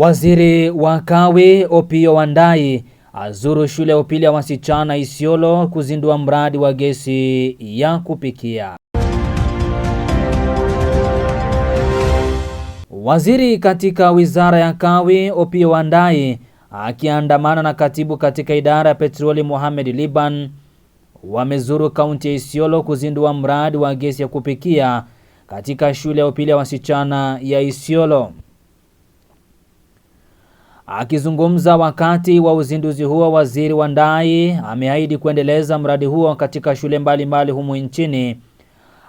Waziri wa Kawi Opiyo Wandayi azuru shule ya upili ya wasichana Isiolo kuzindua mradi wa gesi ya kupikia. Waziri katika wizara ya Kawi Opiyo Wandayi akiandamana na katibu katika idara ya petroli Mohamed Liban wamezuru kaunti ya Isiolo kuzindua mradi wa gesi ya kupikia katika shule ya upili ya wasichana ya Isiolo. Akizungumza wakati wa uzinduzi huo, waziri wa Ndai ameahidi kuendeleza mradi huo katika shule mbalimbali humu nchini,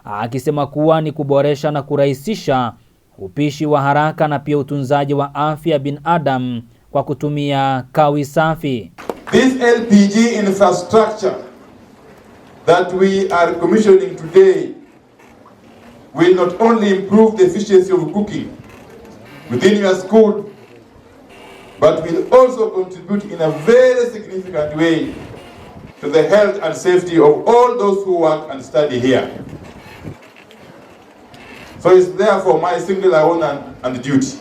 akisema kuwa ni kuboresha na kurahisisha upishi wa haraka na pia utunzaji wa afya binadamu kwa kutumia kawi safi. This LPG infrastructure that we are commissioning today will not only improve the efficiency of cooking within your school but will also contribute in a very significant way to the health and safety of all those who work and study here. So it's therefore my singular honor and duty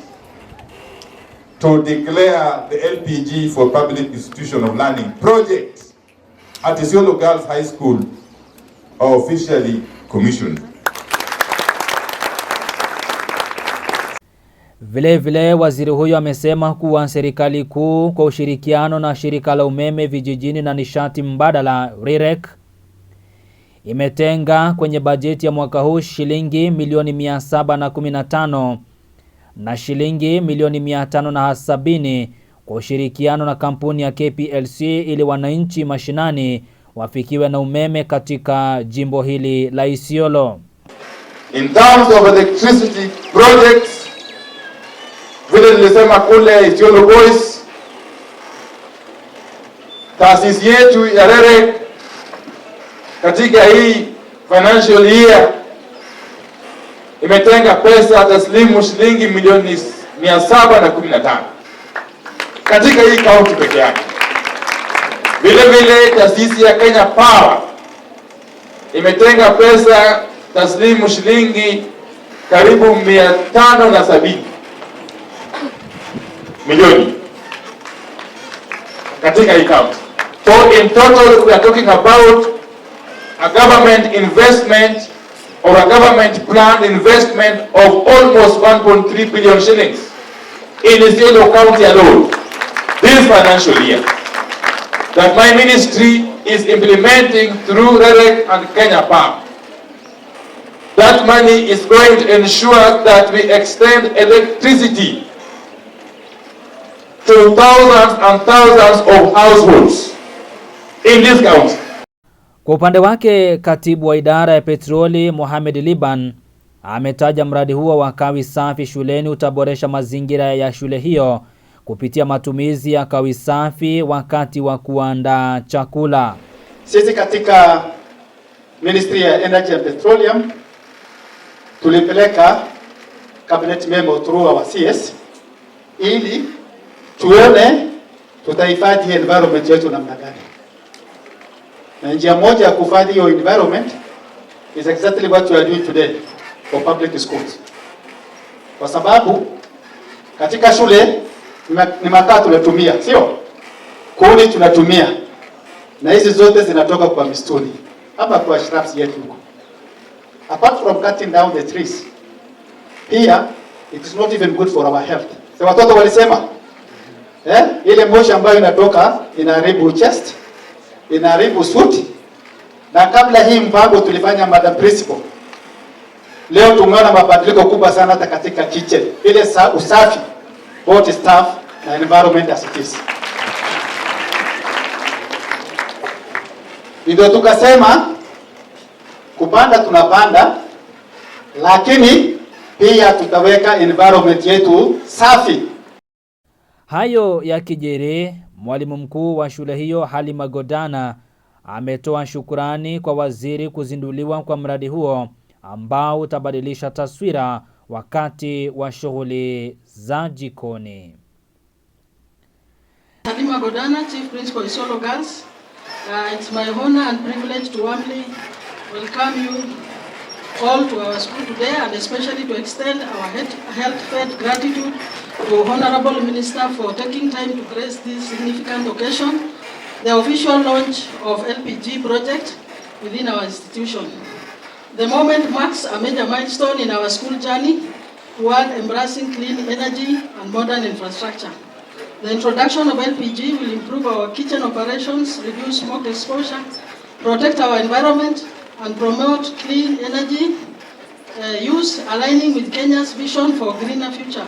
to declare the LPG for Public Institution of Learning project at Isiolo Girls High School officially commissioned. Vilevile vile, waziri huyo amesema kuwa serikali kuu kwa ushirikiano na shirika la umeme vijijini na nishati mbadala REREC imetenga kwenye bajeti ya mwaka huu shilingi milioni 715 na shilingi milioni 570 kwa ushirikiano na kampuni ya KPLC ili wananchi mashinani wafikiwe na umeme katika jimbo hili la Isiolo. In terms of electricity projects vile nilisema kule Isiolo Boys, taasisi yetu ya REREC katika hii financial year imetenga pesa taslimu shilingi milioni mia saba na kumi na tano katika hii kaunti peke yake. Vile vile taasisi ya Kenya Power imetenga pesa taslimu shilingi karibu mia tano na sabini milioni katika hii kaunti. So in total we are talking about a government investment or a government planned investment of almost 1.3 billion shillings in Isiolo County alone this financial year that my ministry is implementing through REREC and Kenya PAM. That money is going to ensure that we extend electricity to thousands and thousands of households in this county. Kwa upande wake, katibu wa idara ya petroli Mohamed Liban ametaja mradi huo wa kawi safi shuleni utaboresha mazingira ya shule hiyo kupitia matumizi ya kawi safi wakati wa kuandaa chakula. Sisi katika Ministry ya Energy and Petroleum tulipeleka cabinet memo through our CS ili tuone tutahifadhi environment yetu namna gani, na njia moja ya kuhifadhi hiyo environment is exactly what we are doing today for public schools, kwa sababu katika shule ni makaa tunatumia, sio kuni tunatumia, na hizi zote zinatoka kwa mistuni hapa kwa shrubs yetu huko. Apart from cutting down the trees, pia it is not even good for our health. Sasa watoto walisema eh? Ile moshi ambayo inatoka inaharibu chest, inaharibu suti. Na kabla hii mpango tulifanya madam principal. Leo tumeona mabadiliko kubwa sana hata katika kitchen, ile usafi both staff na environment as it is. Ndio tukasema kupanda tunapanda, lakini pia tutaweka environment yetu safi. Hayo ya kijiri, mwalimu mkuu wa shule hiyo Halima Godana ametoa shukurani kwa waziri kuzinduliwa kwa mradi huo ambao utabadilisha taswira wakati wa shughuli za jikoni. Halima Godana, Chief Principal Isolo Girls. Uh, it's my honor and privilege to warmly welcome you all to our school today and especially to extend our health-fed gratitude to Honorable Minister for taking time to grace this significant occasion, the official launch of LPG project within our institution. The moment marks a major milestone in our school journey toward embracing clean energy and modern infrastructure. The introduction of LPG will improve our kitchen operations, reduce smoke exposure, protect our environment, and promote clean energy uh, use aligning with Kenya's vision for greener future.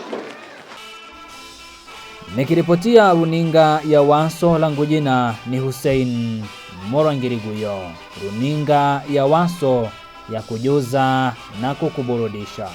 Nikiripotia runinga ya Waso, langu jina ni Hussein Morangiriguyo, runinga ya Waso ya kujuza na kukuburudisha.